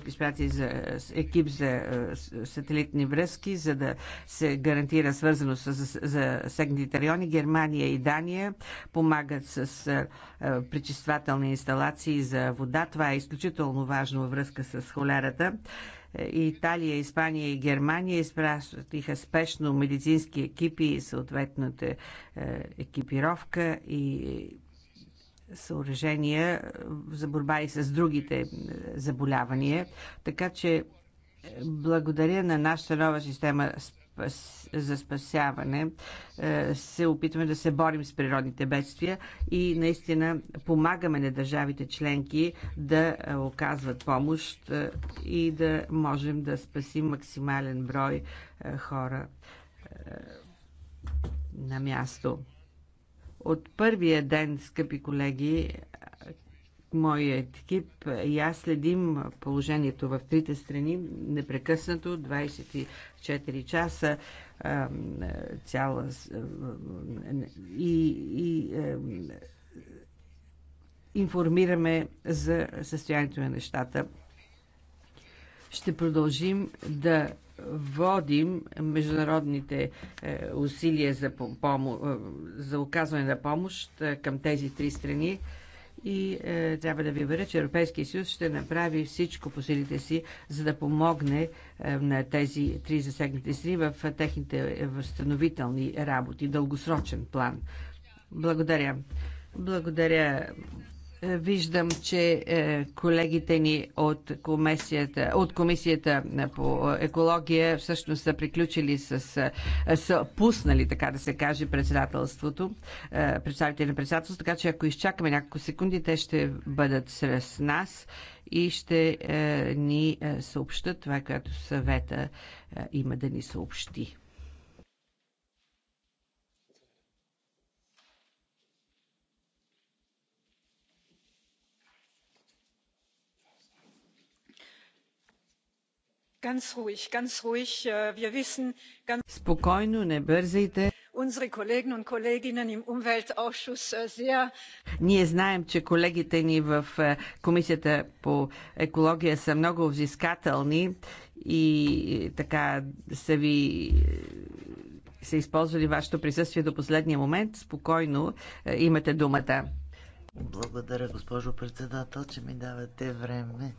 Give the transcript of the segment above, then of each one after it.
предприятие за екип за е, сателитни връзки, за да се гарантира свързано с засегнатите райони. Германия и Дания помагат с е, е, пречиствателни инсталации за вода. Това е изключително важно във връзка с холерата. Италия, Испания и Германия изпратиха спешно медицински екипи и съответната екипировка и съоръжения за борба и с другите е, заболявания. Така че е, благодаря на нашата нова система за спасяване е, се опитваме да се борим с природните бедствия и наистина помагаме на държавите членки да оказват помощ и да можем да спасим максимален брой хора на място. От първия ден, скъпи колеги, моят екип и аз следим положението в трите страни непрекъснато, 24 часа цяла и, и информираме за състоянието на нещата. Ще продължим да водим международните е, усилия за, помо... Е, за оказване на помощ е, към тези три страни и е, трябва да ви уверя, че Европейския съюз ще направи всичко по силите си, за да помогне е, на тези три засегнати страни в техните възстановителни работи, дългосрочен план. Благодаря. Благодаря Виждам, че е, колегите ни от комисията, от комисията по екология всъщност са приключили с, е, са пуснали, така да се каже, председателството, е, представители на председателството, така че ако изчакаме няколко секунди, те ще бъдат сред нас и ще ни съобщат това, което съвета има да ни съобщи. Äh, Спокойно, не бързайте. Äh, Ние знаем, че колегите ни в е, Комисията по екология са много взискателни и е, така са ви е, са използвали вашето присъствие до последния момент. Спокойно имате думата. Благодаря, госпожо председател, че ми давате време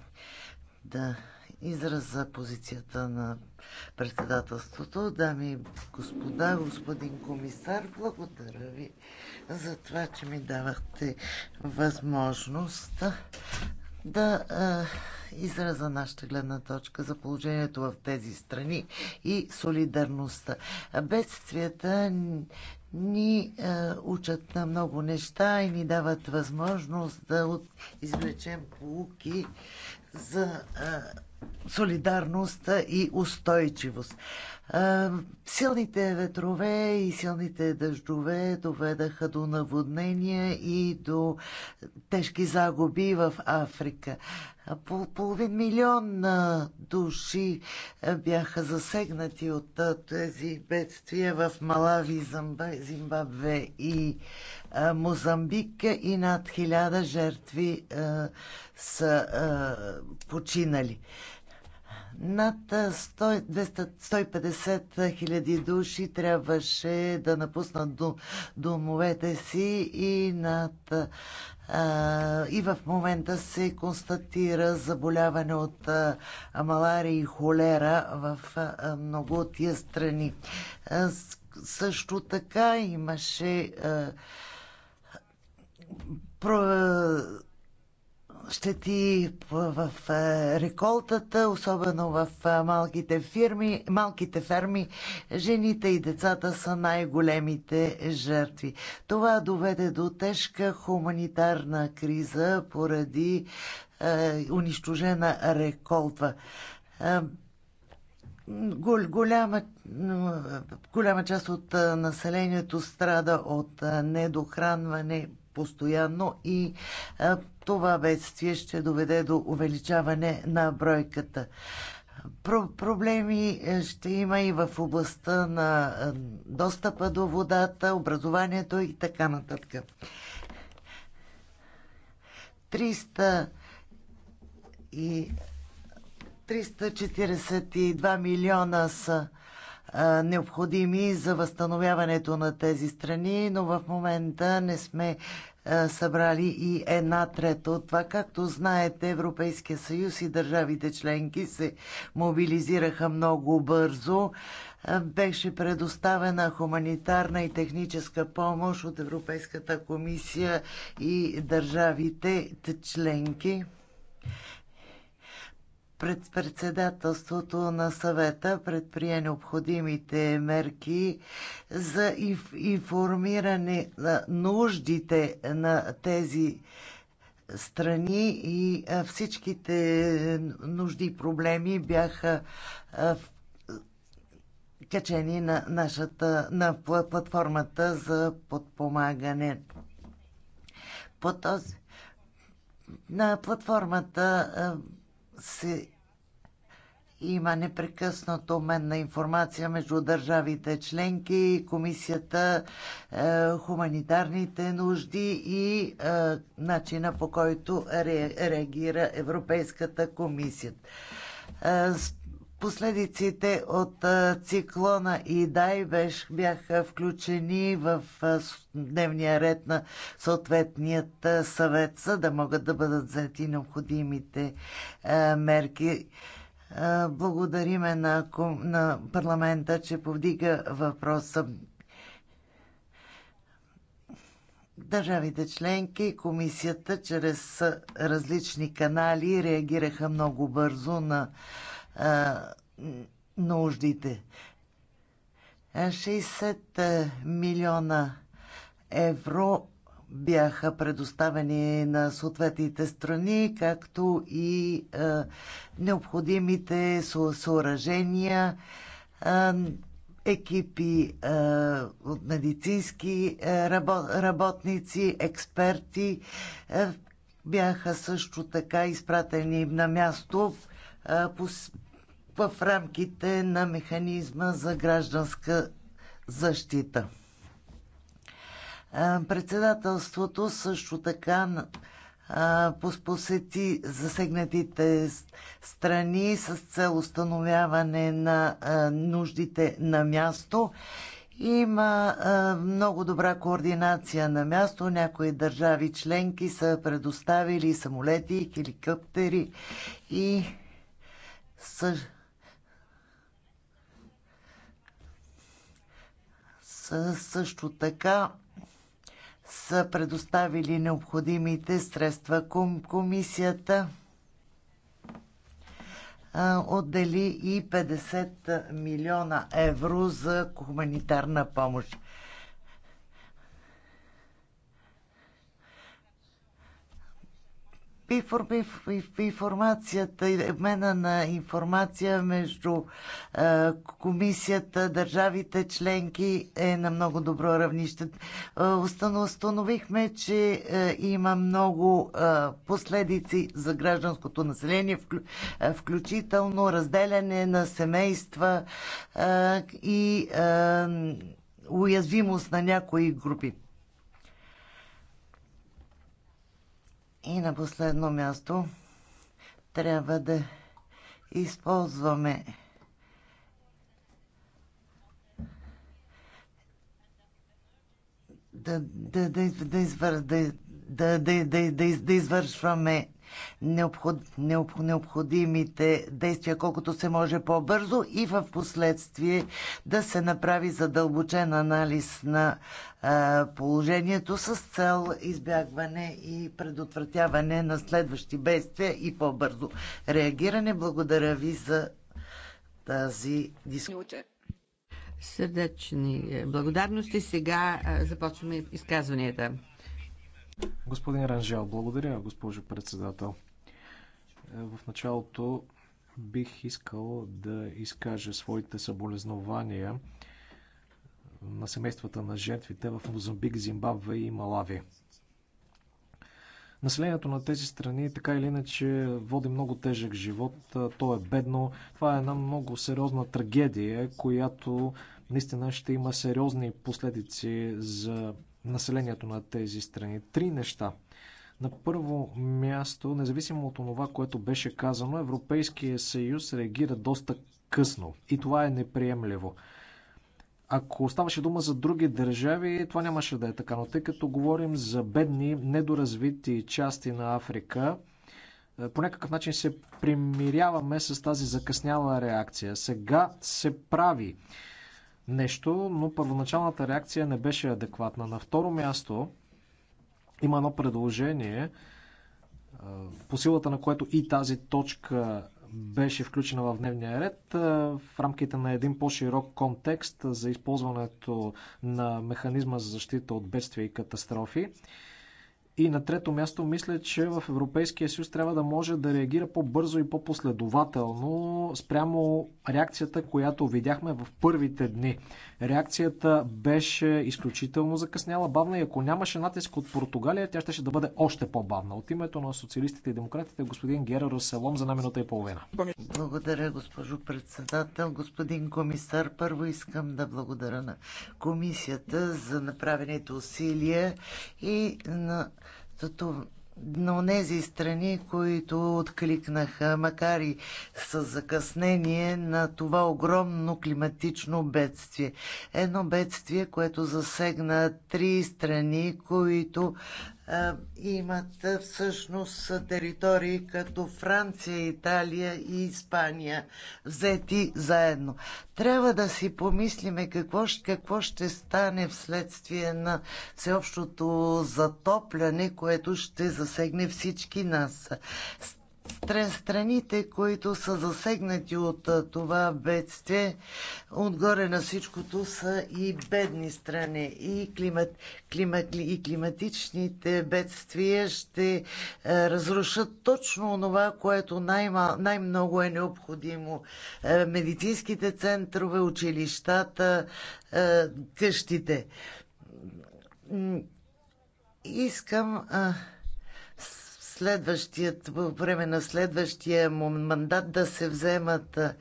да израз за позицията на председателството. Дами и господа, господин комисар, благодаря ви за това, че ми давахте възможност да а, израза нашата гледна точка за положението в тези страни и солидарността. Бедствията ни а, учат на много неща и ни дават възможност да от, извлечем полуки за а, солидарност и устойчивост. Силните ветрове и силните дъждове доведаха до наводнения и до тежки загуби в Африка. Пол, половин милион души бяха засегнати от тези бедствия в Малави, Зимбабве и Мозамбик и над хиляда жертви са починали. Над 150 хиляди души трябваше да напуснат домовете си и над и в момента се констатира заболяване от малария и холера в много от тия страни. Също така имаше щети в е, реколтата, особено в е, малките фирми, малките ферми. Жените и децата са най-големите жертви. Това доведе до тежка хуманитарна криза поради е, унищожена реколта. Е, голяма, голяма част от населението страда от недохранване, постоянно и а, това бедствие ще доведе до увеличаване на бройката. Про- проблеми е, ще има и в областта на е, достъпа до водата, образованието и така нататък. 300 и 342 милиона са необходими за възстановяването на тези страни, но в момента не сме събрали и една трета от това. Както знаете, Европейския съюз и държавите членки се мобилизираха много бързо. Беше предоставена хуманитарна и техническа помощ от Европейската комисия и държавите членки пред председателството на съвета предприе необходимите мерки за информиране на нуждите на тези страни и всичките нужди и проблеми бяха качени на, нашата, на платформата за подпомагане. По този, на платформата се има непрекъснат обмен на информация между държавите членки и комисията, е, хуманитарните нужди и е, начина по който ре, реагира Европейската комисия. Е, последиците от е, циклона и дай бяха включени в е, дневния ред на съответният е, съвет, за да могат да бъдат взети необходимите мерки. Благодариме на, на парламента, че повдига въпроса. Държавите членки и комисията чрез различни канали реагираха много бързо на а, нуждите. 60 милиона евро бяха предоставени на съответните страни, както и е, необходимите съоръжения, е, екипи е, от медицински е, работници, експерти. Е, бяха също така изпратени на място е, по, в рамките на механизма за гражданска защита. Председателството също така посети засегнатите страни с цел установяване на нуждите на място. Има много добра координация на място. Някои държави членки са предоставили самолети, хеликоптери и също така са предоставили необходимите средства. Комисията отдели и 50 милиона евро за хуманитарна помощ. информацията и обмена на информация между комисията, държавите членки е на много добро равнище. Установихме, че има много последици за гражданското население, включително разделяне на семейства и уязвимост на някои групи. И на последно място трябва да използваме да, да, да, да, извър, да, да, да, да, да извършваме необход, необ, необходимите действия колкото се може по-бързо и в последствие да се направи задълбочен анализ на а, положението с цел избягване и предотвратяване на следващи бедствия и по-бързо реагиране. Благодаря ви за тази дискусия. Сърдечни е, благодарности. Сега започваме изказванията. Господин Ранжел, благодаря, госпожо председател. Е, в началото бих искал да изкажа своите съболезнования на семействата на жертвите в Мозамбик, Зимбабве и Малави. Населението на тези страни така или иначе води много тежък живот. То е бедно. Това е една много сериозна трагедия, която наистина ще има сериозни последици за населението на тези страни. Три неща. На първо място, независимо от това, което беше казано, Европейския съюз реагира доста късно и това е неприемливо. Ако ставаше дума за други държави, това нямаше да е така, но тъй като говорим за бедни, недоразвити части на Африка, е, по някакъв начин се примиряваме с тази закъсняла реакция. Сега се прави нещо, но първоначалната реакция не беше адекватна. На второ място има едно предложение, по силата на което и тази точка беше включена в дневния ред в рамките на един по-широк контекст за използването на механизма за защита от бедствия и катастрофи. И на трето място, мисля, че в Европейския съюз трябва да може да реагира по-бързо и по-последователно спрямо реакцията, която видяхме в първите дни. Реакцията беше изключително закъсняла, бавна и ако нямаше натиск от Португалия, тя ще да бъде още по-бавна. От името на социалистите и демократите, господин Гера Роселом за една минута и половина. Благодаря, госпожо председател. Господин комисар, първо искам да благодаря на комисията за направените усилия и на статут на тези страни, които откликнаха, макар и с закъснение, на това огромно климатично бедствие. Едно бедствие, което засегна три страни, които имат всъщност територии като Франция, Италия и Испания, взети заедно. Трябва да си помислиме какво, какво ще стане вследствие на всеобщото затопляне, което ще засегне всички нас страните, които са засегнати от това бедствие, отгоре на всичкото са и бедни страни. И, климат, климат, и климатичните бедствия ще разрушат точно това, което най- най-много е необходимо. медицинските центрове, училищата, къщите. Искам следващият, по време на следващия мандат да се вземат е,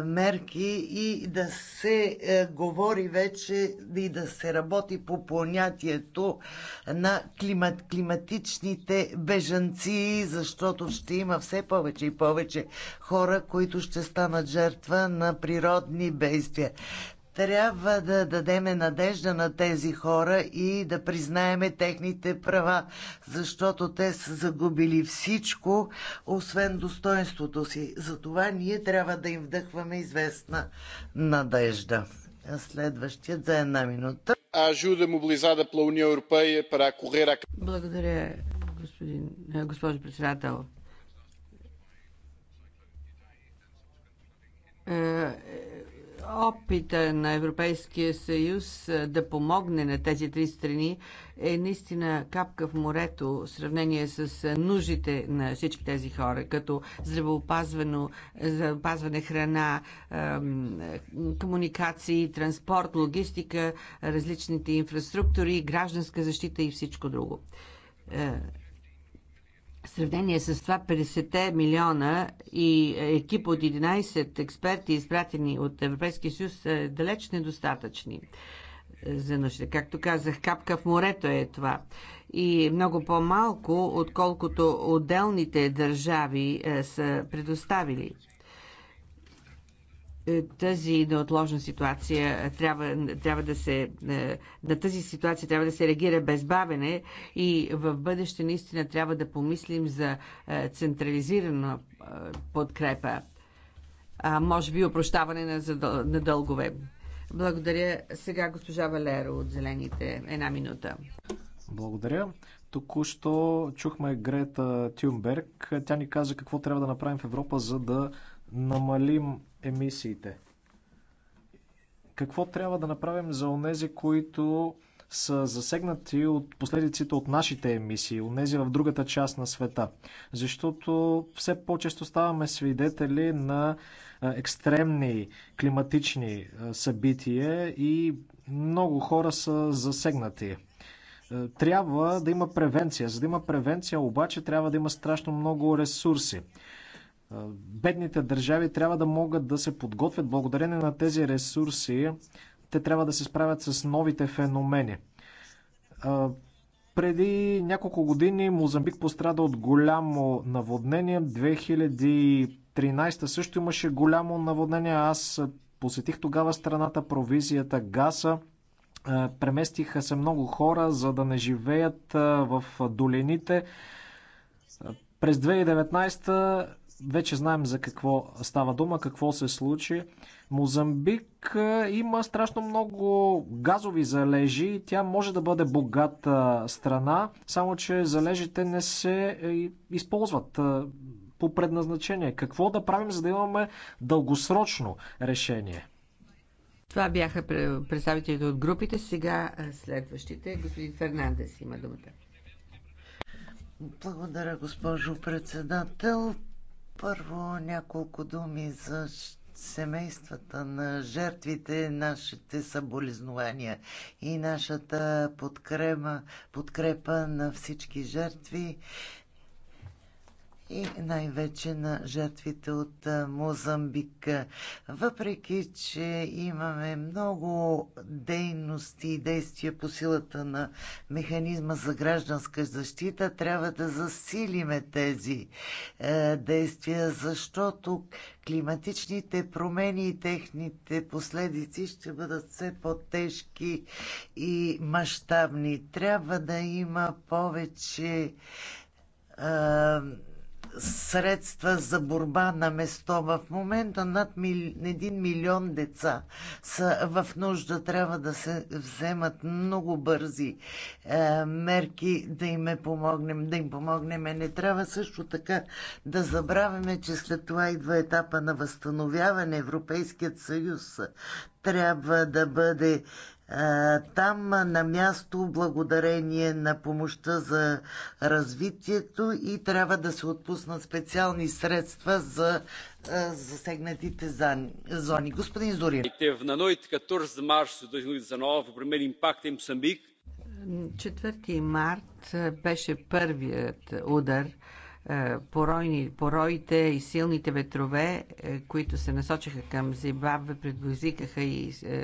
мерки и да се е, говори вече и да се работи по понятието на климат, климатичните бежанци, защото ще има все повече и повече хора, които ще станат жертва на природни бедствия трябва да дадеме надежда на тези хора и да признаеме техните права, защото те са загубили всичко, освен достоинството си. Затова ние трябва да им вдъхваме известна надежда. Следващият за една минута. Ажуда мобилизада пла Уния Европея пара correr Благодаря, господин, е, госпожо председател. Е Опита на Европейския съюз да помогне на тези три страни е наистина капка в морето в сравнение с нуждите на всички тези хора, като здравеопазване, здравеопазване храна, комуникации, транспорт, логистика, различните инфраструктури, гражданска защита и всичко друго. В сравнение с това 50 милиона и е, екип от 11 експерти, изпратени от Европейския съюз, са далеч недостатъчни е, за нужда. Както казах, капка в морето е това. И много по-малко, отколкото отделните държави е, са предоставили. Е, тази неотложна ситуация трябва, трябва да се е, на тази ситуация трябва да се реагира без бавене и в бъдеще наистина трябва да помислим за е, централизирана подкрепа, а може би опрощаване на, на дългове. Благодаря. Сега госпожа Валеро от Зелените. Една минута. Благодаря. Току-що чухме Грета Тюнберг. Тя ни каза какво трябва да направим в Европа, за да намалим емисиите. Какво трябва да направим за онези, които са засегнати от последиците от нашите емисии, от в другата част на света. Защото все по-често ставаме свидетели на екстремни климатични събития и много хора са засегнати. Трябва да има превенция. За да има превенция обаче трябва да има страшно много ресурси бедните държави трябва да могат да се подготвят благодарение на тези ресурси. Те трябва да се справят с новите феномени. Преди няколко години Мозамбик пострада от голямо наводнение. 2013 също имаше голямо наводнение. Аз посетих тогава страната, провизията, гаса. Преместиха се много хора, за да не живеят в долините. През 2019 вече знаем за какво става дума, какво се случи. Мозамбик е, има страшно много газови залежи и тя може да бъде богата страна, само че залежите не се е, използват е, по предназначение. Какво да правим, за да имаме дългосрочно решение? Това бяха представителите от групите. Сега следващите. Господин Фернандес има думата. Благодаря, госпожо председател. Първо няколко думи за семействата на жертвите, нашите съболезнования и нашата подкрема, подкрепа на всички жертви и най-вече на жертвите от Мозамбик. Въпреки, че имаме много дейности и действия по силата на механизма за гражданска защита, трябва да засилиме тези е, действия, защото климатичните промени и техните последици ще бъдат все по-тежки и мащабни. Трябва да има повече е, средства за борба на место. В момента над един 1 милион деца са в нужда. Трябва да се вземат много бързи е, мерки да им е помогнем. Да им помогнем. Не трябва също така да забравяме, че след това идва етапа на възстановяване. Европейският съюз трябва да бъде там на място благодарение на помощта за развитието и трябва да се отпуснат специални средства за засегнатите зони. Господин Зорин. На 4 март беше първият удар е, поройни, пороите и силните ветрове, е, които се насочиха към Зимбабве, предвозикаха и е,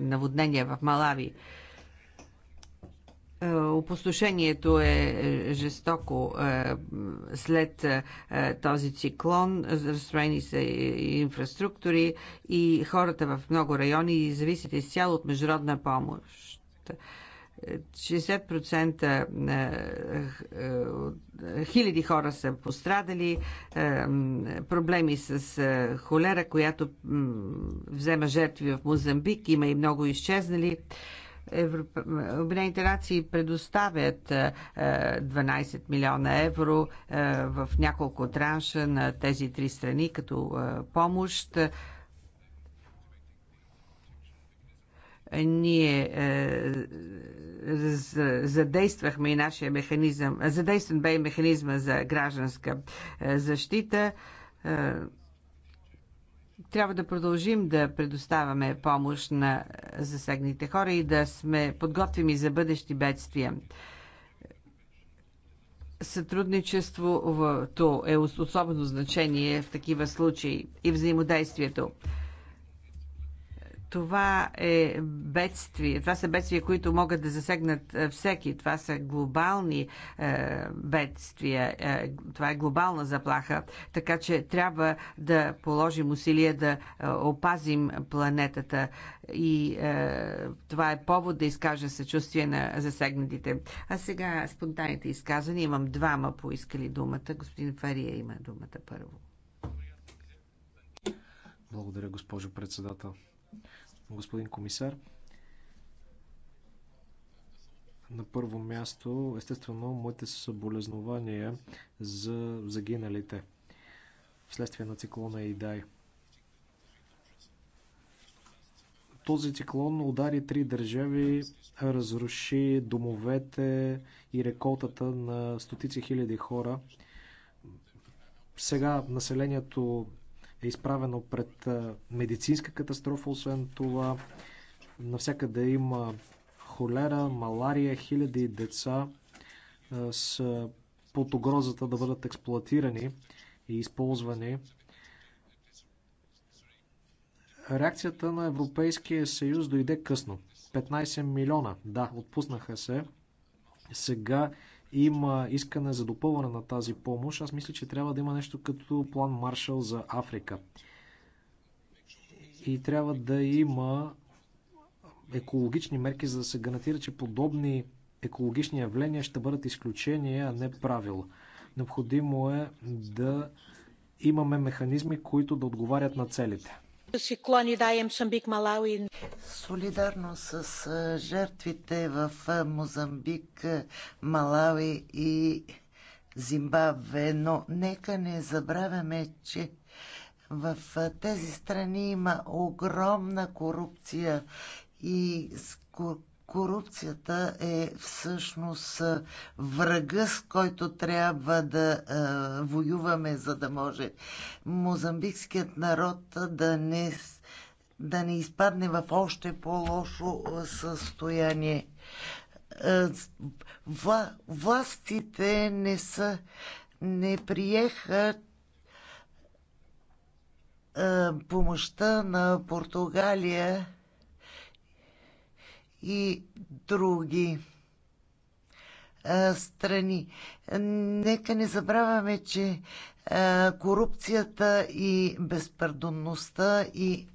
наводнения в Малави. Опустошението е жестоко след този циклон. Разстроени са инфраструктури и хората в много райони зависят изцяло от международна помощ. 60% е, е, хиляди хора са пострадали, е, проблеми с холера, която взема жертви в Мозамбик, има и много изчезнали. Обединените нации предоставят 12 милиона евро в няколко транша на тези три страни като помощ. Ние е, задействахме и нашия механизъм, задействан бе и механизма за гражданска е, защита е, трябва да продължим да предоставяме помощ на засегните хора и да сме подготвими за бъдещи бедствия. Сътрудничеството е особено значение в такива случаи и взаимодействието. Това е бедствие. Това са бедствия, които могат да засегнат е, всеки. Това са глобални е, бедствия. Е, това е глобална заплаха. Така че трябва да положим усилия да е, опазим планетата. И е, това е повод да изкажа съчувствие на засегнатите. А сега спонтанните изказвания. Имам двама поискали думата. Господин Фария има думата първо. Благодаря, госпожо председател господин комисар. На първо място, естествено, моите съболезнования за загиналите вследствие на циклона Идай. Този циклон удари три държави, разруши домовете и реколтата на стотици хиляди хора. Сега населението е изправено пред медицинска катастрофа, освен това навсякъде има холера, малария, хиляди деца с под угрозата да бъдат експлоатирани и използвани. Реакцията на Европейския съюз дойде късно. 15 милиона, да, отпуснаха се. Сега има искане за допълване на тази помощ, аз мисля, че трябва да има нещо като план Маршал за Африка. И трябва да има екологични мерки, за да се гарантира, че подобни екологични явления ще бъдат изключения, а не правило. Необходимо е да имаме механизми, които да отговарят на целите. E Солидарно с жертвите в Мозамбик, Малави и Зимбабве, но нека не забравяме, че в тези страни има огромна корупция и корупцията е всъщност врага, с който трябва да воюваме, за да може мозамбикският народ да не, да не изпадне в още по-лошо състояние. Вла, властите не са не приеха помощта на Португалия и други страни. Нека не забравяме, че корупцията и безпардонността и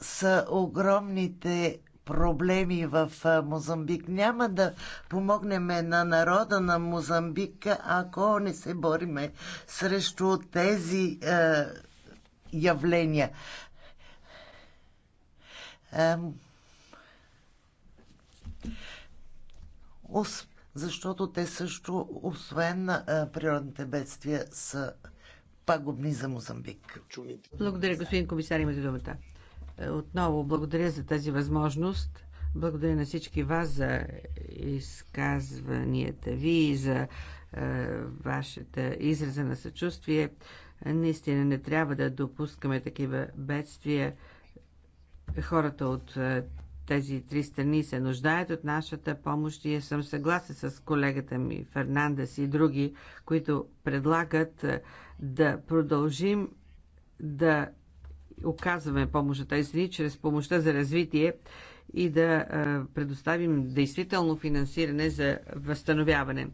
са огромните проблеми в Мозамбик. Няма да помогнем на народа на Мозамбик, ако не се бориме срещу тези е, явления защото те също, освен е, природните бедствия, са пагубни за Мозамбик. Благодаря, господин комисар, имате думата. Е, отново благодаря за тази възможност. Благодаря на всички вас за изказванията ви и за е, вашата израза на съчувствие. Наистина не трябва да допускаме такива бедствия хората от е, тези три страни се нуждаят от нашата помощ и съм съгласен с колегата ми Фернандес и други, които предлагат е, да продължим да оказваме помощ на тези страни чрез помощта за развитие и да е, предоставим действително финансиране за възстановяване.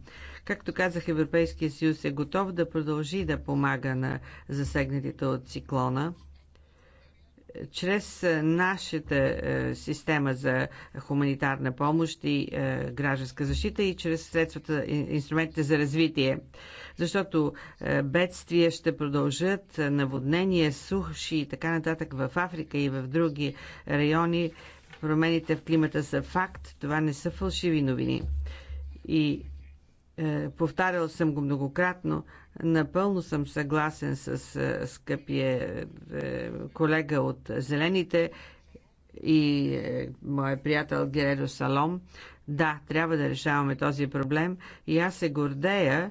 Както казах, Европейския съюз е готов да продължи да помага на засегнатите от циклона чрез е, нашата е, система за хуманитарна помощ и е, гражданска защита и чрез средствата, инструментите за развитие. Защото бедствия ще продължат, наводнения, суши и така нататък в Африка и в други райони. Промените в климата са факт, това не са фалшиви новини. И е, повтарял съм го многократно, напълно съм съгласен с е, скъпия е, колега от Зелените и моя приятел Гередо Салом. Да, трябва да решаваме този проблем и аз се гордея,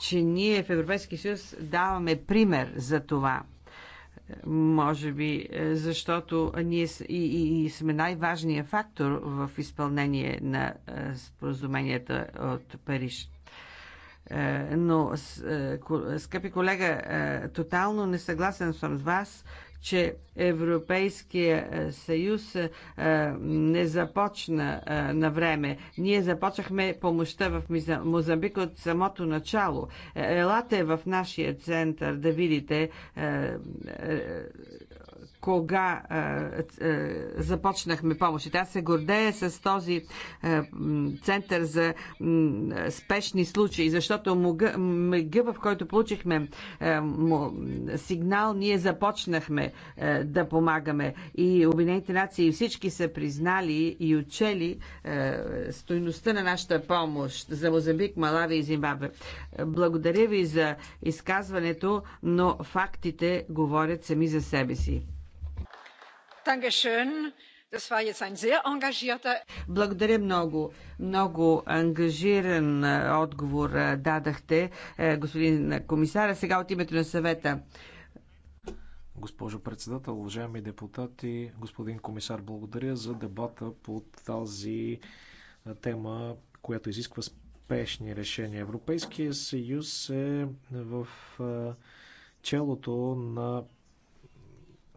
че ние в Европейския съюз даваме пример за това – може би, е, защото ние и, и, и сме най важния фактор в изпълнение на е, споразуменията от Париж. Е, но, скъпи колега, тотално не съгласен съм с вас че Европейския е, съюз е, не започна е, на време. Ние започнахме помощта в Мозамбик от самото начало. Елате в нашия център да видите кога а, а, започнахме помощите. Аз се гордея с този а, център за спешни случаи, защото мъга, мъга в който получихме а, сигнал, ние започнахме а, да помагаме. И Обединените нации всички са признали и учели а, стойността на нашата помощ за Мозамбик, Малави и Зимбабве. Благодаря ви за изказването, но фактите говорят сами за себе си. Благодаря много. Много ангажиран отговор дадахте, е, господин комисар. Сега от името на съвета. Госпожо председател, уважаеми депутати, господин комисар, благодаря за дебата по тази тема, която изисква спешни решения. Европейския съюз е в челото на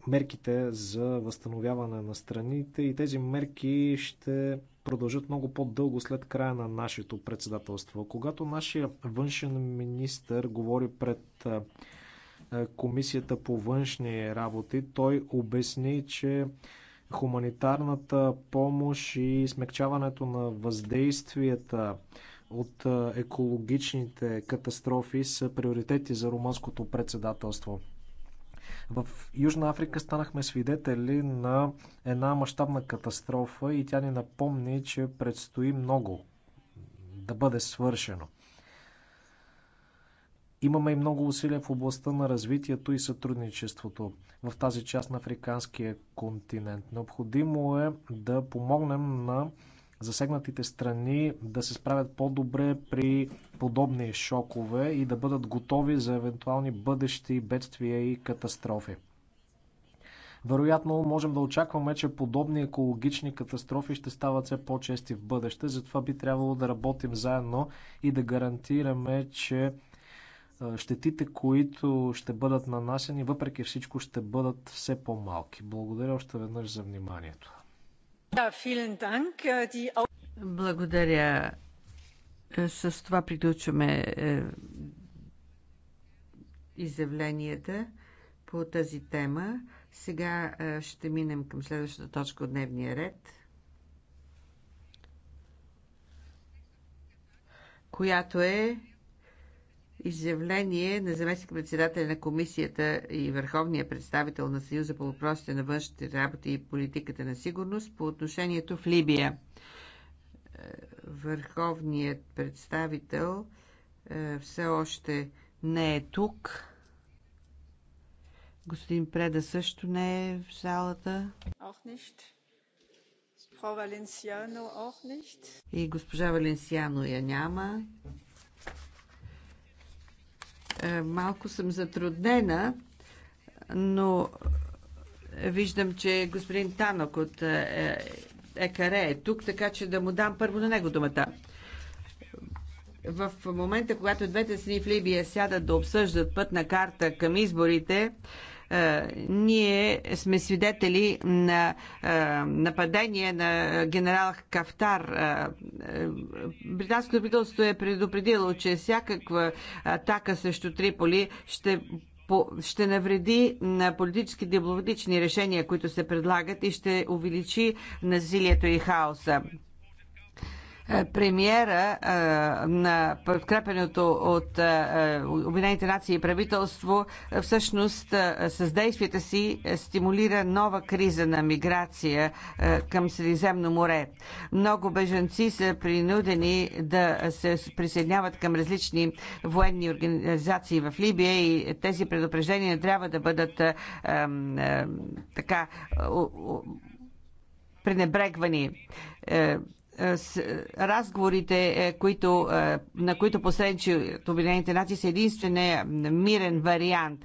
мерките за възстановяване на страните и тези мерки ще продължат много по-дълго след края на нашето председателство. Когато нашия външен министр говори пред Комисията по външни работи, той обясни, че хуманитарната помощ и смягчаването на въздействията от екологичните катастрофи са приоритети за румънското председателство. В Южна Африка станахме свидетели на една мащабна катастрофа и тя ни напомни, че предстои много да бъде свършено. Имаме и много усилия в областта на развитието и сътрудничеството в тази част на африканския континент. Необходимо е да помогнем на засегнатите страни да се справят по-добре при подобни шокове и да бъдат готови за евентуални бъдещи бедствия и катастрофи. Вероятно можем да очакваме, че подобни екологични катастрофи ще стават все по-чести в бъдеще, затова би трябвало да работим заедно и да гарантираме, че е, щетите, които ще бъдат нанасени, въпреки всичко ще бъдат все по-малки. Благодаря още веднъж за вниманието. Е, Благодаря. Е, с това приключваме е, изявленията по тази тема. Сега ще минем към следващата точка от дневния ред, която е изявление на заместник председателя на комисията и върховния представител на Съюза по въпросите на външните работи и политиката на сигурност по отношението в Либия. Е, върховният представител е, все още не е тук. Господин Преда също не е в залата. И госпожа Валенсиано я няма. Е, малко съм затруднена, но виждам, че господин Танок от е, Екаре е тук, така че да му дам първо на него думата. В момента, когато двете страни в Либия сядат да обсъждат пътна карта към изборите, е, ние сме свидетели на е, нападение на генерал Кафтар. Е, британското правителство е предупредило, че всякаква атака срещу Триполи ще ще навреди на политически дипломатични решения, които се предлагат и ще увеличи насилието и хаоса. Е, премиера е, на подкрепеното от е, Обединените нации и правителство всъщност с действията си стимулира нова криза на миграция към Средиземно море. Много бежанци са принудени да се присъединяват към различни военни организации в Либия и тези предупреждения трябва да бъдат така пренебрегвани е, е, разговорите, е, които, на които посредничи от Обединените нации, са единствения мирен вариант.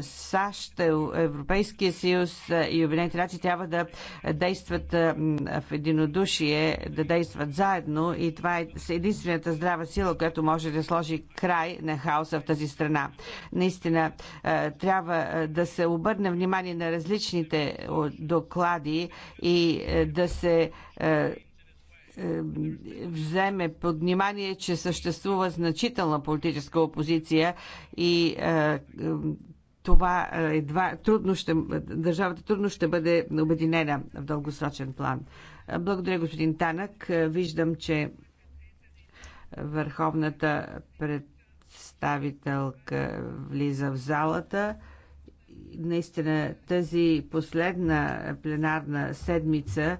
САЩ, Европейския съюз и Обединените нации трябва да действат в единодушие, да действат заедно и това е единствената здрава сила, която може да сложи край на хаоса в тази страна. Наистина, трябва да се обърне внимание на различните доклади и да се е, вземе под внимание, че съществува значителна политическа опозиция и е, е, това едва трудно ще, държавата трудно ще бъде обединена в дългосрочен план. Благодаря, господин Танък. Виждам, че върховната представителка влиза в залата. Наистина тази последна пленарна седмица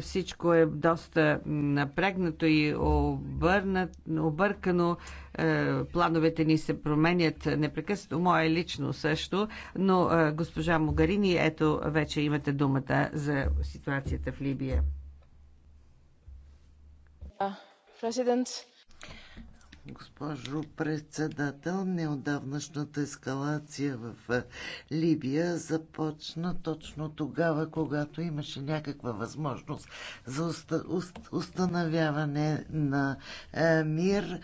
всичко е доста напрегнато и обърнат, объркано. Е, плановете ни се променят непрекъснато. Мое лично също, но е, госпожа Могарини, ето вече имате думата за ситуацията в Либия. Президент, uh, госпожо председател. Неодавнашната ескалация в Либия започна точно тогава, когато имаше някаква възможност за установяване на мир.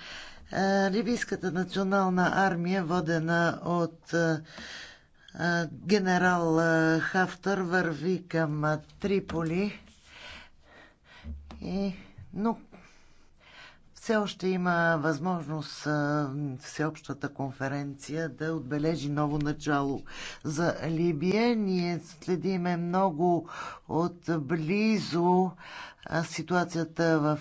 Либийската национална армия, водена от генерал Хафтър, върви към Триполи. И, но все още има възможност всеобщата конференция да отбележи ново начало за Либия. Ние следиме много отблизо ситуацията в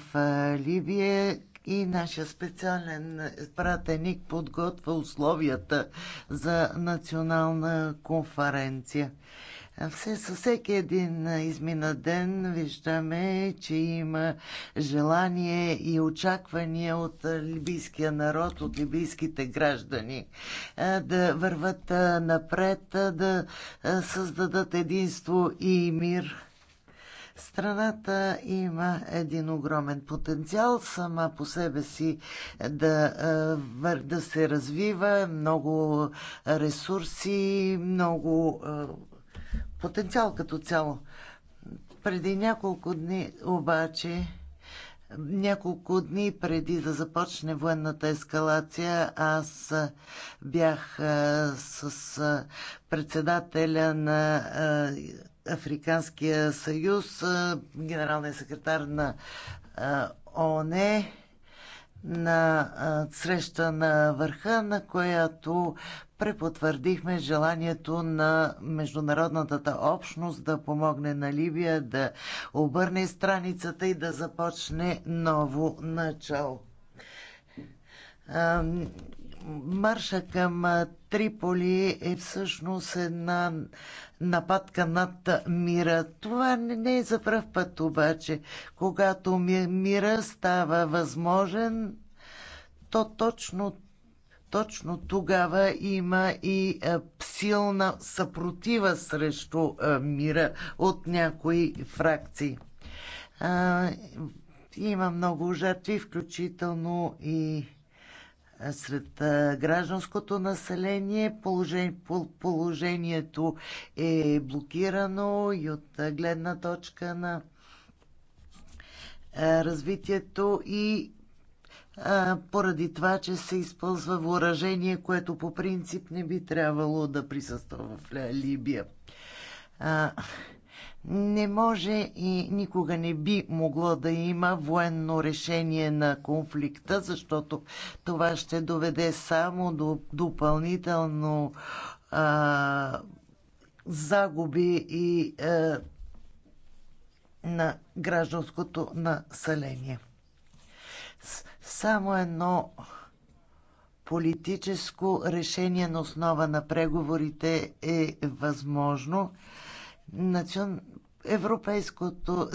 Либия и нашия специален пратеник подготвя условията за национална конференция. Все, със всеки един измина ден виждаме, че има желание и очаквания от либийския народ, от либийските граждани да върват напред, да създадат единство и мир. Страната има един огромен потенциал сама по себе си да, да се развива, много ресурси, много потенциал като цяло. Преди няколко дни обаче, няколко дни преди да започне военната ескалация, аз бях с председателя на Африканския съюз, генералния секретар на ООН, на среща на върха, на която препотвърдихме желанието на международната общност да помогне на Либия да обърне страницата и да започне ново начало. Марша към Триполи е всъщност една нападка над мира. Това не е за пръв път обаче. Когато мира става възможен, то точно точно тогава има и е, силна съпротива срещу е, мира от някои фракции. Има много жертви, включително и е, сред гражданското население. Положението е блокирано и от гледна точка на развитието и поради това, че се използва въоръжение, което по принцип не би трябвало да присъства в Либия. Не може и никога не би могло да има военно решение на конфликта, защото това ще доведе само до допълнително а, загуби и а, на гражданското население. Само едно политическо решение на основа на преговорите е възможно. Национ... Европейското...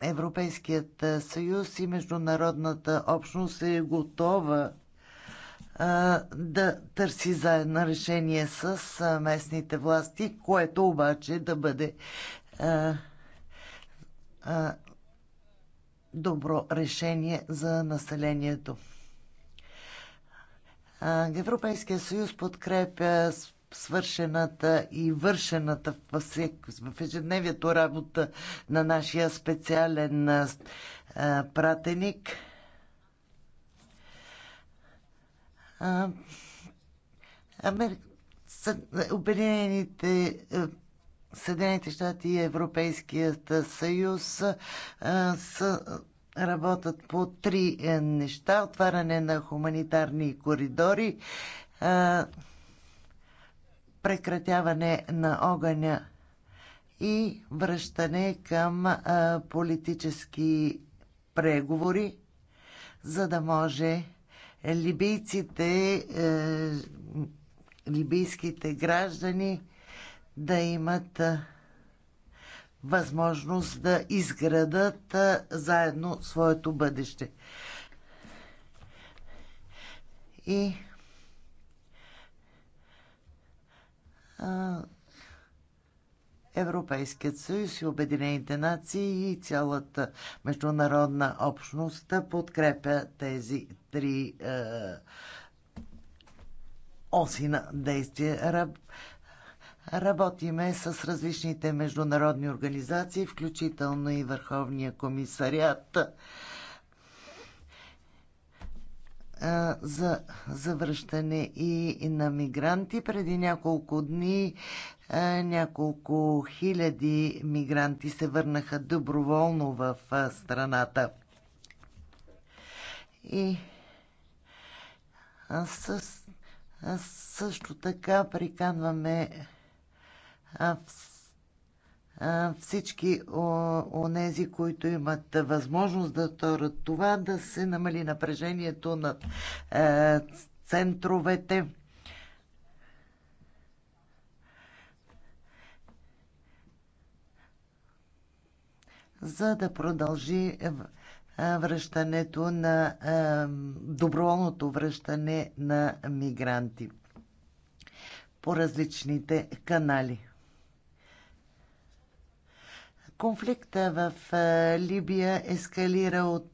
Европейският съюз и международната общност е готова да търси заедно решение с местните власти, което обаче да бъде добро решение за населението. Европейския съюз подкрепя свършената и вършената в ежедневието работа на нашия специален пратеник. Обединените Съединените щати и Европейският съюз с работят по три е, неща. Отваряне на хуманитарни коридори, прекратяване на огъня и връщане към политически преговори, за да може либийците, е, либийските граждани да имат възможност да изградат заедно своето бъдеще. И Европейският съюз и Обединените нации и цялата международна общност подкрепя тези три е, оси на действие. Работиме с различните международни организации, включително и Върховния комисариат за завръщане и на мигранти. Преди няколко дни няколко хиляди мигранти се върнаха доброволно в страната. И аз също така приканваме всички онези, които имат възможност да торят това, да се намали напрежението над е, центровете. за да продължи връщането на доброволното връщане на мигранти по различните канали. Конфликта в Либия ескалира от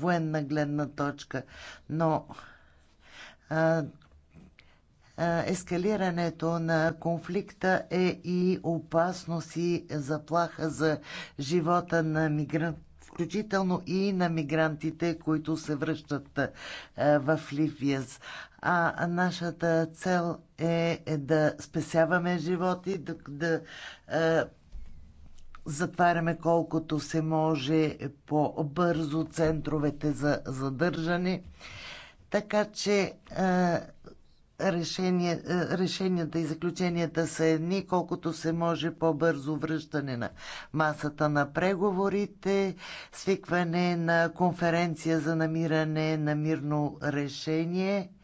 военна гледна точка, но ескалирането на конфликта е и опасност и заплаха за живота на мигрант, включително и на мигрантите, които се връщат в Ливия. А нашата цел е, е да спесяваме животи, да, да затваряме колкото се може по-бързо центровете за задържане, така че е, решение, е, решенията и заключенията са едни, колкото се може по-бързо връщане на масата на преговорите, свикване на конференция за намиране на мирно решение –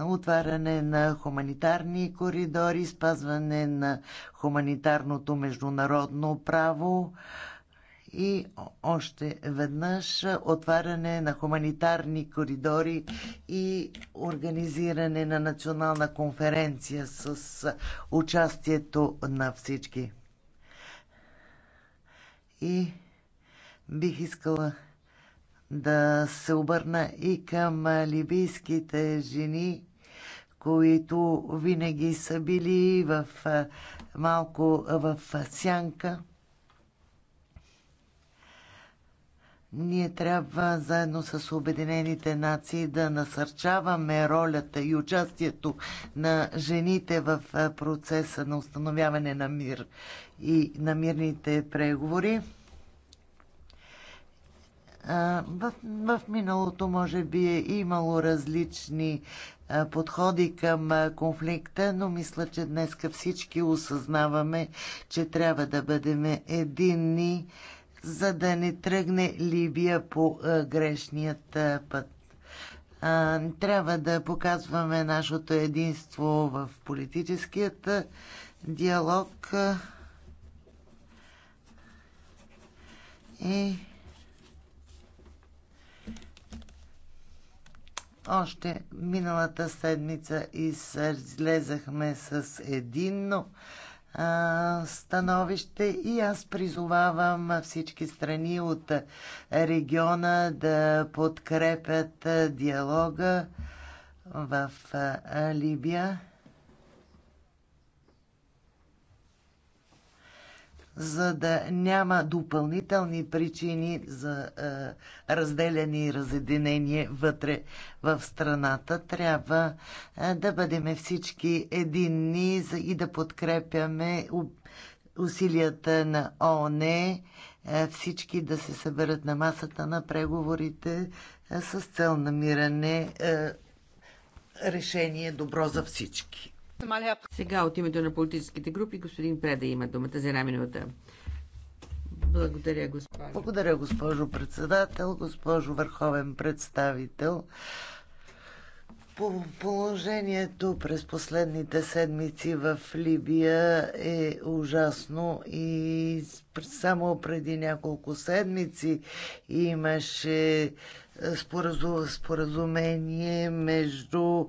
отваряне на хуманитарни коридори, спазване на хуманитарното международно право и още веднъж отваряне на хуманитарни коридори и организиране на национална конференция с участието на всички. И бих искала да се обърна и към либийските жени, които винаги са били в малко в сянка. Ние трябва заедно с Обединените нации да насърчаваме ролята и участието на жените в процеса на установяване на мир и на мирните преговори. В, в миналото може би е имало различни подходи към конфликта, но мисля, че днес всички осъзнаваме, че трябва да бъдем единни, за да не тръгне Либия по грешният път. Трябва да показваме нашето единство в политическият диалог и Още миналата седмица излезахме с единно становище и аз призовавам всички страни от региона да подкрепят диалога в Либия за да няма допълнителни причини за е, разделяне и разединение вътре в страната. Трябва е, да бъдем всички единни и да подкрепяме усилията на ООН е, всички да се съберат на масата на преговорите е, с цел намиране е, решение добро за всички. Сега от името на политическите групи господин Преда има думата за една минута. Благодаря, госпожо. Благодаря, госпожо председател, госпожо върховен представител. По положението през последните седмици в Либия е ужасно и само преди няколко седмици имаше е, споразумение между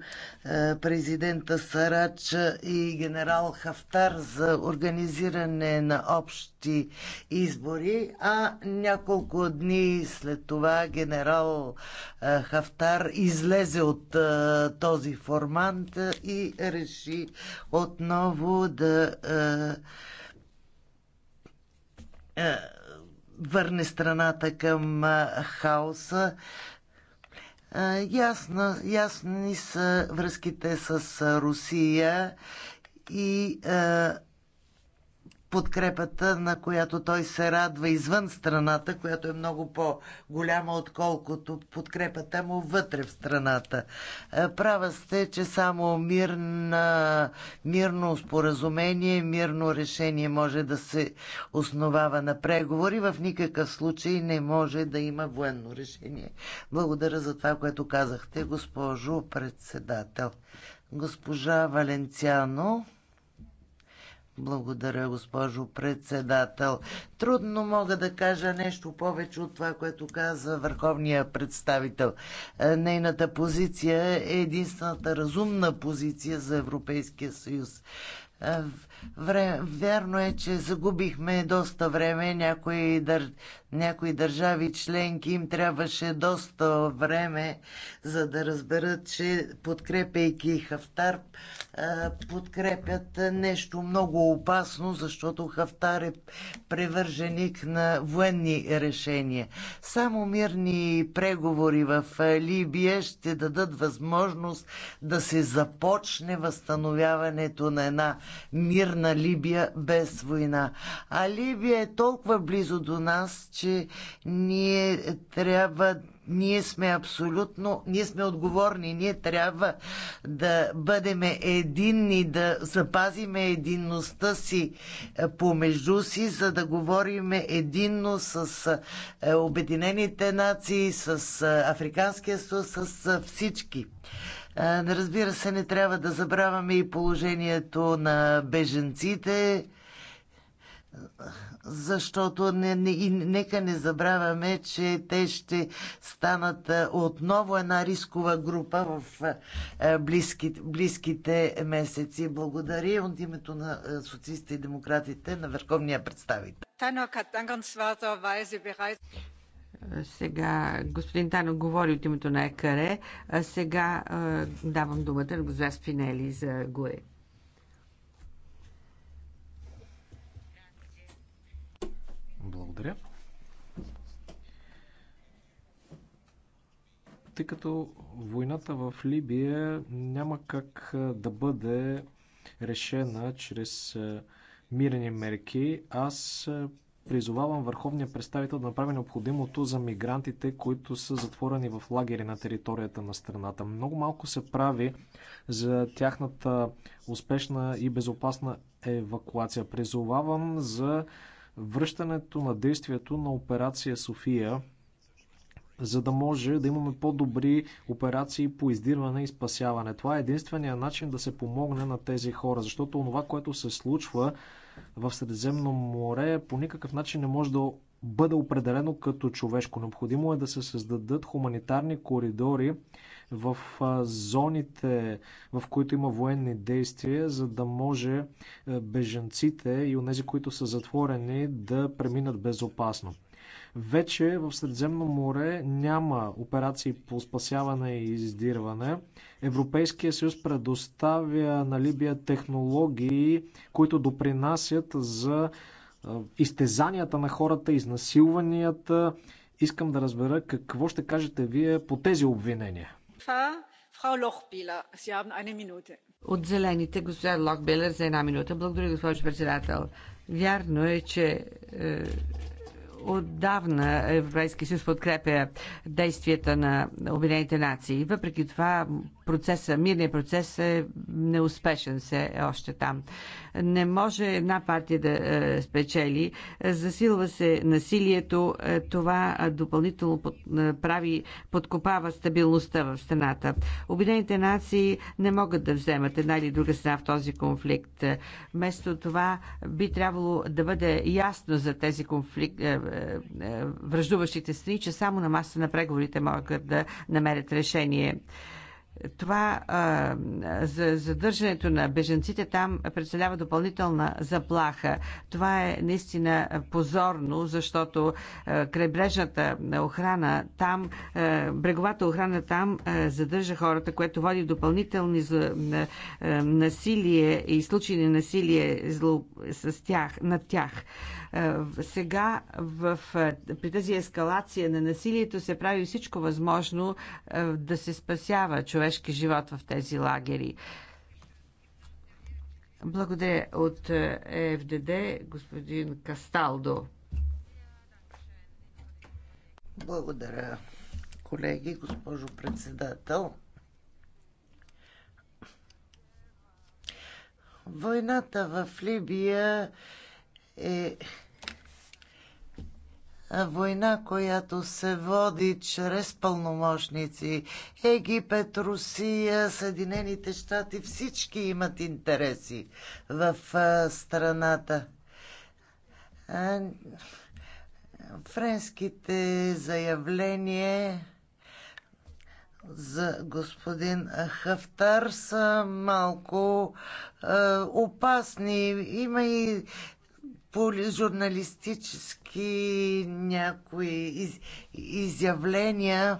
е, президента Сарач и генерал Хафтар за организиране на общи избори, а няколко дни след това генерал е, Хафтар излезе от този формант и реши отново да е, върне страната към е, хаоса. Е, Ясно, ясни са връзките с Русия и подкрепата, на която той се радва извън страната, която е много по-голяма, отколкото подкрепата му вътре в страната. Е, права сте, че само мирна, мирно споразумение, мирно решение може да се основава на преговори. В никакъв случай не може да има военно решение. Благодаря за това, което казахте, госпожо председател. Госпожа Валенциано. Благодаря, госпожо председател. Трудно мога да кажа нещо повече от това, което каза върховния представител. Е, нейната позиция е единствената разумна позиция за Европейския съюз. Е, Вярно е, че загубихме доста време. Някои, дър... Някои държави членки им трябваше доста време, за да разберат, че подкрепяйки Хафтар, подкрепят нещо много опасно, защото Хафтар е превърженик на военни решения. Само мирни преговори в Либия ще дадат възможност да се започне възстановяването на една мирна на Либия без война. А Либия е толкова близо до нас, че ние трябва ние сме абсолютно, ние сме отговорни, ние трябва да бъдем единни, да запазиме единността си е, помежду си, за да говорим единно с е, Обединените нации, с е, Африканския съюз, с всички. Разбира се, не трябва да забравяме и положението на беженците, защото не, не, и нека не забравяме, че те ще станат отново една рискова група в близки, близките месеци. Благодаря от името на социалистите и демократите на Върховния представител. Сега господин Тано говори от името на ЕКАРЕ, а сега а, давам думата на госпожа Спинели за ГУЕ. Благодаря. Тъй като войната в Либия няма как да бъде решена чрез мирени мерки, аз призовавам върховния представител да направи необходимото за мигрантите, които са затворени в лагери на територията на страната. Много малко се прави за тяхната успешна и безопасна евакуация. Призовавам за връщането на действието на операция София, за да може да имаме по-добри операции по издирване и спасяване. Това е единствения начин да се помогне на тези хора, защото това, което се случва, в Средиземно море по никакъв начин не може да бъде определено като човешко. Необходимо е да се създадат хуманитарни коридори в зоните, в които има военни действия, за да може бежанците и онези, които са затворени, да преминат безопасно. Вече в Средземно море няма операции по спасяване и издирване. Европейския съюз предоставя на Либия технологии, които допринасят за изтезанията на хората, изнасилванията. Искам да разбера какво ще кажете вие по тези обвинения. От зелените, госпожа Лохбилер, за една минута. Благодаря, госпожо председател. Вярно е, че е, Отдавна Европейския съюз подкрепя действията на Обединените нации. Въпреки това, процеса, мирния процес е неуспешен се още там. Не може една партия да е, спечели. Засилва се насилието. Е, това е, допълнително под, е, прави, подкопава стабилността в страната. Обединените нации не могат да вземат една или друга страна в този конфликт. Вместо това би трябвало да бъде ясно за тези конфликт, е, е, връждуващите страни, че само на маса на преговорите могат да намерят решение това а, за задържането на беженците там представлява допълнителна заплаха. Това е наистина позорно, защото а, крайбрежната охрана там, а, бреговата охрана там а, задържа хората, което води допълнителни за, а, насилие и случаи на насилие зло, с тях, над тях. А, сега в, а, при тази ескалация на насилието се прави всичко възможно а, да се спасява човек човешки живот в тези лагери. Благодаря от ЕФДД, господин Касталдо. Благодаря, колеги, госпожо председател. Войната в Либия е война, която се води чрез пълномощници. Египет, Русия, Съединените щати, всички имат интереси в страната. Френските заявления за господин Хафтар са малко е, опасни. Има и журналистически някои из, изявления,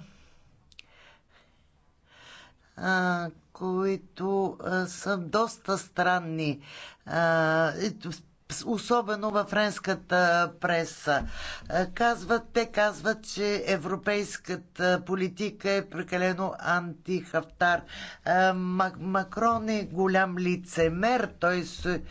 а, които а, са доста странни. А, особено във френската преса. Казват, те казват, че европейската политика е прекалено антихафтар. Макрон е голям лицемер, той се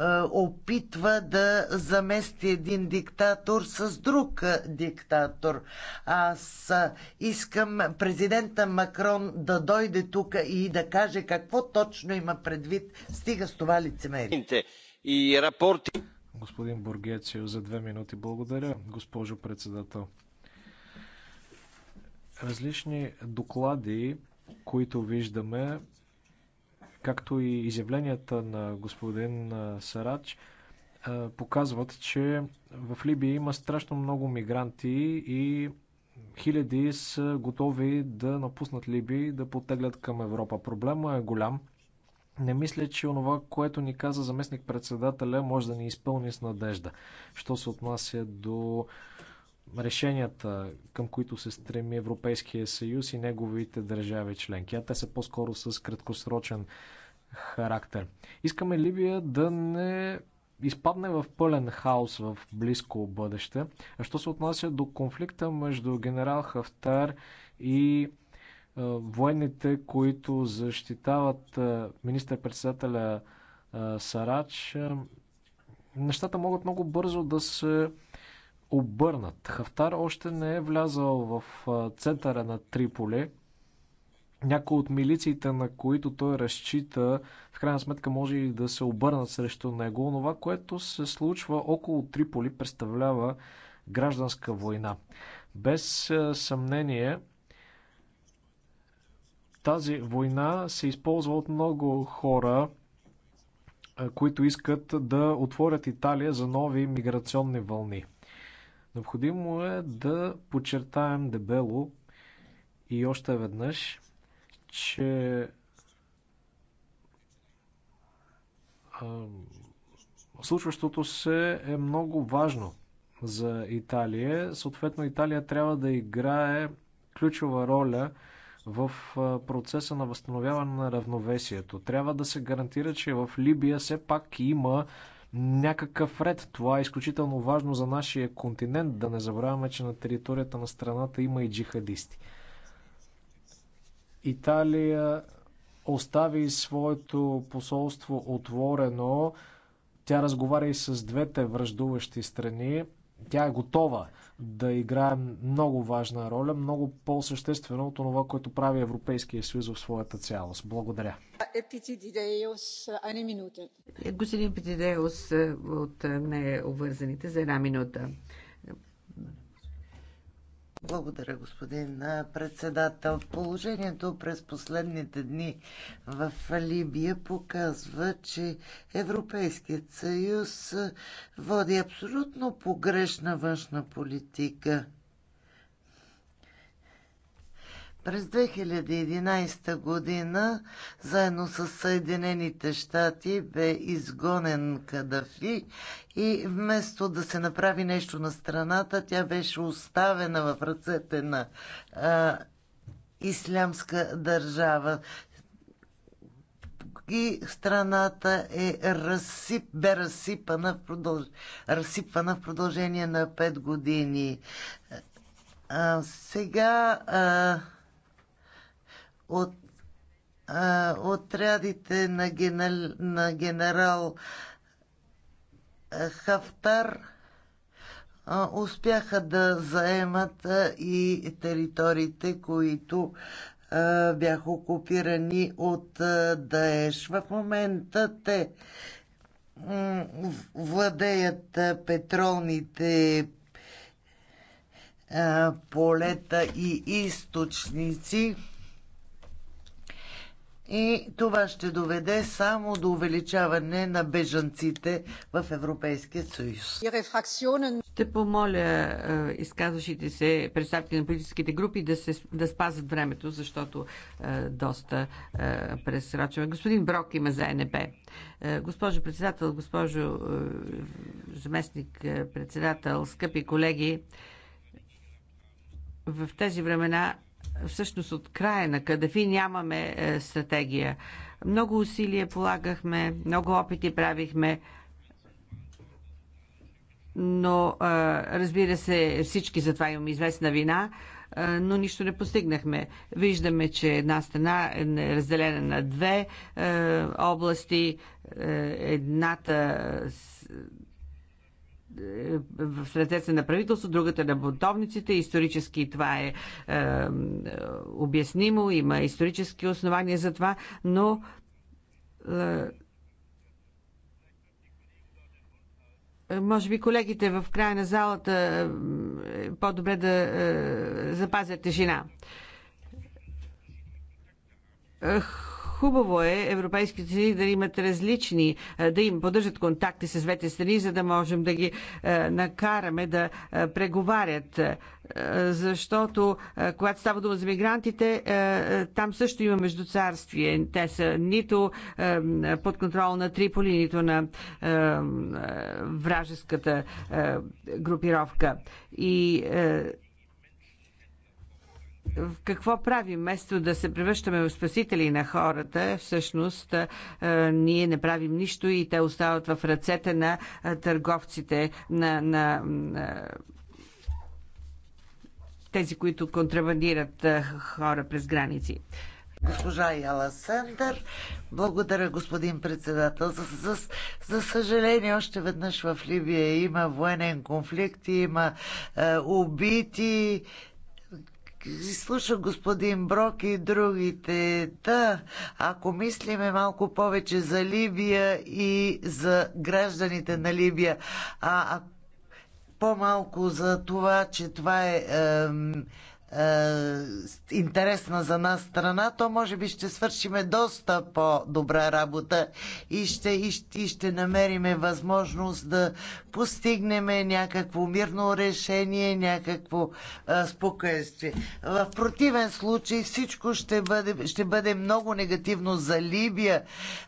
е, опитва да замести един диктатор с друг е, диктатор. Аз е, искам президента Макрон да дойде тук и да каже какво точно има предвид. Стига с това лицемерие. И рапорти. Господин Бургецио, за две минути благодаря, госпожо председател. Различни доклади, които виждаме, както и изявленията на господин Сарач, показват, че в Либия има страшно много мигранти и хиляди са готови да напуснат Либия и да потеглят към Европа. Проблема е голям. Не мисля, че онова, което ни каза заместник председателя, може да ни изпълни с надежда, що се отнася до решенията, към които се стреми Европейския съюз и неговите държави членки. А те са по-скоро с краткосрочен характер. Искаме Либия да не изпадне в пълен хаос в близко бъдеще. А що се отнася до конфликта между генерал Хафтар и е, военните, които защитават е, министър-председателя е, Сарач, нещата могат много бързо да се обърнат. Хафтар още не е влязал в центъра на Триполе. Някои от милициите, на които той разчита, в крайна сметка може и да се обърнат срещу него. Това, което се случва около Триполи, представлява гражданска война. Без съмнение, тази война се използва от много хора, които искат да отворят Италия за нови миграционни вълни. Необходимо е да подчертаем дебело и още веднъж, че случващото се е много важно за Италия. Съответно, Италия трябва да играе ключова роля в процеса на възстановяване на равновесието. Трябва да се гарантира, че в Либия все пак има някакъв ред. Това е изключително важно за нашия континент. Да не забравяме, че на територията на страната има и джихадисти. Италия остави своето посолство отворено. Тя разговаря и с двете връждуващи страни. Тя е готова да играе много важна роля, много по-съществено от това, което прави Европейския съюз в своята цялост. Благодаря. Господин Епитидеус е, от необвързаните е за една минута. Благодаря, господин председател. Положението през последните дни в Либия показва, че Европейският съюз води абсолютно погрешна външна политика. През 2011 година, заедно с Съединените щати, бе изгонен Кадафи и вместо да се направи нещо на страната, тя беше оставена в ръцете на а, ислямска държава. И страната е разсип, бе разсипана в, продълж... разсипана в продължение на 5 години. А, сега а, от а, отрядите на, генерал, на генерал Хафтар а, успяха да заемат а, и териториите, които а, бяха окупирани от а, Даеш. В момента те владеят петролните полета и източници. И това ще доведе само до увеличаване на бежанците в Европейския съюз. Ще помоля е, изказващите се представители на политическите групи да, се, да спазят времето, защото е, доста е, пресрочваме. Господин Брок има за НП. Е, госпожо председател, госпожо е, заместник е, председател, скъпи колеги, в тези времена всъщност от края на Кадафи нямаме е, стратегия. Много усилия полагахме, много опити правихме, но е, разбира се, всички за това имаме известна вина, е, но нищо не постигнахме. Виждаме, че една страна е разделена на две области. Едната в ръцете на правителство, другата на бунтовниците. Исторически това е, е обяснимо, има исторически основания за това, но е, може би колегите в края на залата е по-добре да е, запазят тишина. Е, Хубаво е европейските страни да имат различни, да им поддържат контакти с двете страни, за да можем да ги накараме да преговарят. Защото, когато става дума за мигрантите, там също има междуцарствие. Те са нито под контрол на Триполи, нито на вражеската групировка. И какво правим? Вместо да се превръщаме в спасители на хората, всъщност ние не правим нищо и те остават в ръцете на търговците, на, на, на тези, които контрабандират хора през граници. Госпожа Яла Сендър, благодаря господин председател. За, за, за съжаление, още веднъж в Либия има военен конфликт, има е, убити, Слуша, господин Брок и другите. Да, ако мислиме малко повече за Либия и за гражданите на Либия, а по-малко за това, че това е, е е, интересна за нас страна, то може би ще свършиме доста по-добра работа и ще, и, ще, и ще намериме възможност да постигнем някакво мирно решение, някакво е, спокойствие. В противен случай всичко ще бъде, ще бъде много негативно за Либия,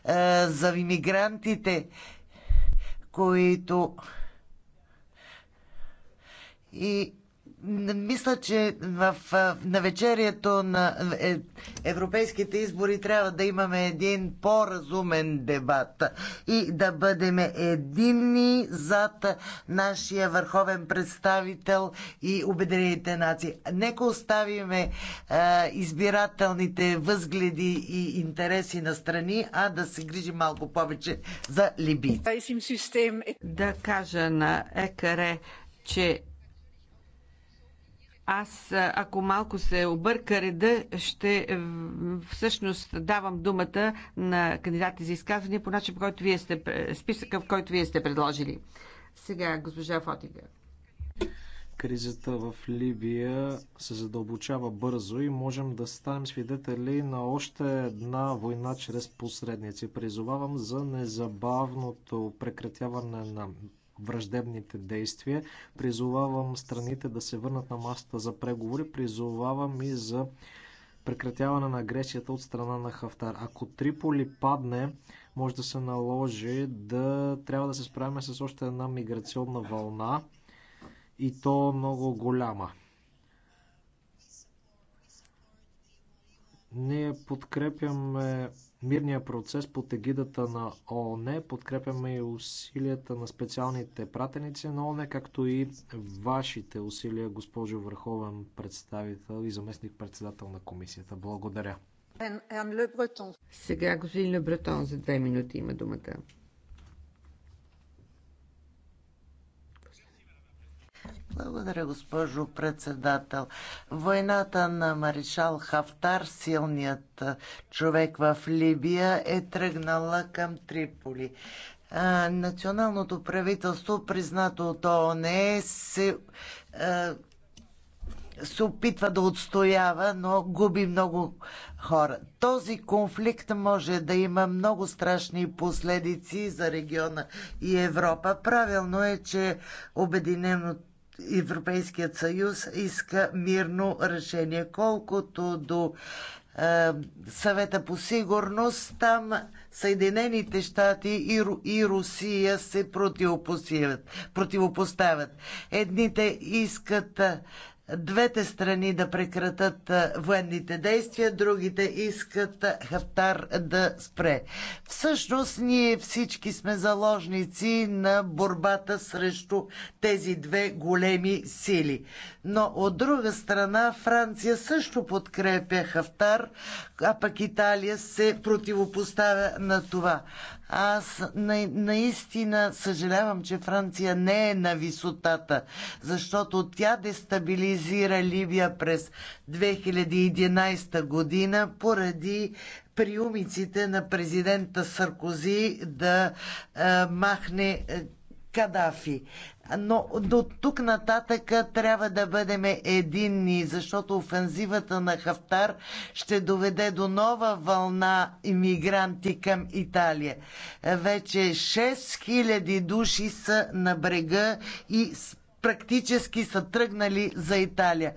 е, за иммигрантите, които и мисля, че в навечерието на е, европейските избори трябва да имаме един по-разумен дебат и да бъдем единни зад нашия върховен представител и Обединените нации. Нека оставиме е, избирателните възгледи и интереси на страни, а да се грижи малко повече за либийците. Е- да кажа на ЕКРЕ, че аз, ако малко се обърка реда, ще всъщност давам думата на кандидати за изказване по начин, по който вие сте, списъка, в който вие сте предложили. Сега, госпожа Фотига. Кризата в Либия се задълбочава бързо и можем да станем свидетели на още една война чрез посредници. Призовавам за незабавното прекратяване на враждебните действия. Призовавам страните да се върнат на масата за преговори. Призовавам и за прекратяване на агресията от страна на Хафтар. Ако Триполи падне, може да се наложи да трябва да се справим с още една миграционна вълна и то много голяма. Ние подкрепяме мирния процес под егидата на ООН. Подкрепяме и усилията на специалните пратеници на ООН, както и вашите усилия, госпожо Върховен представител и заместник председател на комисията. Благодаря. Сега господин Лебретон за две минути има думата. Благодаря, госпожо председател. Войната на Маришал Хафтар, силният човек в Либия, е тръгнала към Триполи. националното правителство, признато от ООН, е се е, се опитва да отстоява, но губи много хора. Този конфликт може да има много страшни последици за региона и Европа. Правилно е, че Обединеното Европейският съюз иска мирно решение. Колкото до е, съвета по сигурност, там Съединените щати и, и Русия се противопоставят. противопоставят. Едните искат двете страни да прекратат военните действия, другите искат Хафтар да спре. Всъщност ние всички сме заложници на борбата срещу тези две големи сили. Но от друга страна Франция също подкрепя Хафтар, а пък Италия се противопоставя на това. Аз на, наистина съжалявам, че Франция не е на висотата, защото тя дестабилизира Либия през 2011 година поради приумиците на президента Саркози да е, махне. Е, Кадафи но до тук нататък трябва да бъдем единни, защото офензивата на Хафтар ще доведе до нова вълна иммигранти към Италия. Вече 6000 души са на брега и практически са тръгнали за Италия.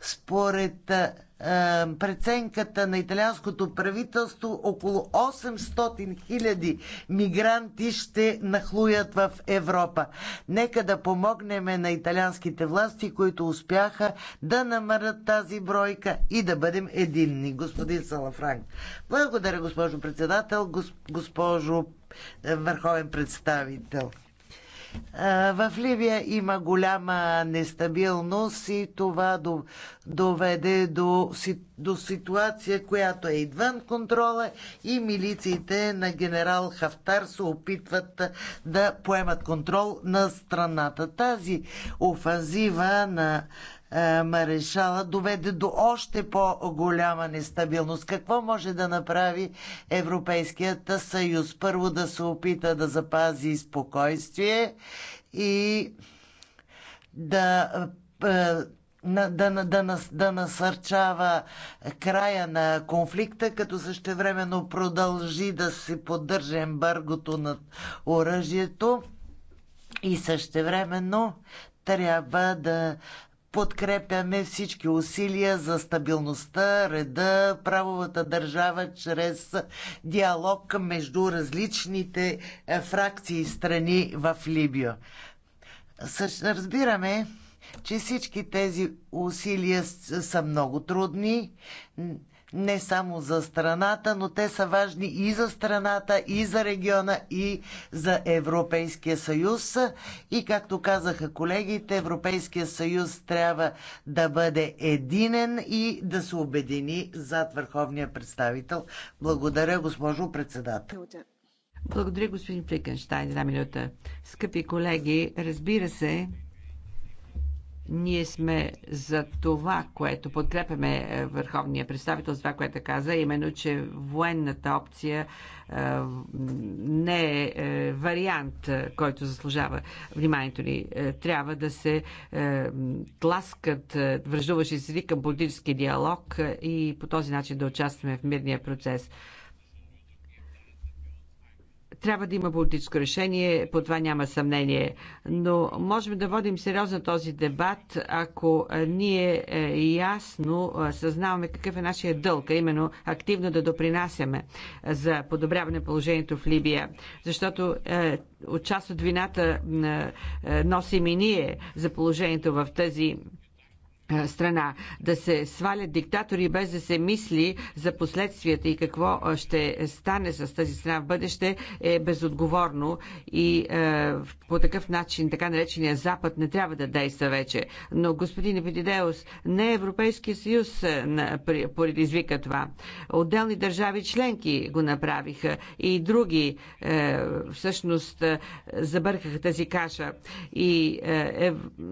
Според е, преценката на италианското правителство около 800 хиляди мигранти ще нахлуят в Европа. Нека да помогнем на италианските власти, които успяха да намърят тази бройка и да бъдем единни. Господин Салафранк. Благодаря, госпожо председател, госпожо е, върховен представител. В Ливия има голяма нестабилност и това доведе до, до ситуация, която е извън контрола и милициите на генерал Хафтар се опитват да поемат контрол на страната. Тази офанзива на е, Марешала доведе до още по-голяма нестабилност. Какво може да направи Европейският съюз? Първо да се опита да запази спокойствие и да е, да, да, да, да насърчава края на конфликта, като същевременно продължи да се поддържа ембаргото над оръжието и същевременно трябва да подкрепяме всички усилия за стабилността, реда, правовата държава чрез диалог между различните е, фракции и страни в Либия. Разбираме, че всички тези усилия са много трудни не само за страната, но те са важни и за страната, и за региона, и за Европейския съюз. И както казаха колегите, Европейския съюз трябва да бъде единен и да се обедини зад върховния представител. Благодаря, госпожо председател. Благодаря, господин Фликенштайн, една минута. Скъпи колеги, разбира се, ние сме за това, което подкрепяме е, върховния представител, за това, което каза, именно, че военната опция е, не е, е вариант, който заслужава вниманието ни. Трябва да се тласкат връждуващи се към политически диалог и по този начин да участваме в мирния процес. Трябва да има политическо решение, по това няма съмнение. Но можем да водим сериозно този дебат, ако ние е, ясно съзнаваме какъв е нашия дълг, а именно активно да допринасяме за подобряване положението в Либия. Защото е, от част от вината е, носим и ние за положението в тази страна, да се свалят диктатори без да се мисли за последствията и какво ще стане с тази страна в бъдеще е безотговорно и е, по такъв начин така наречения Запад не трябва да действа вече. Но господин Епидидеус, не Европейския съюз предизвика това. Отделни държави членки го направиха и други е, всъщност забъркаха тази каша и е, е,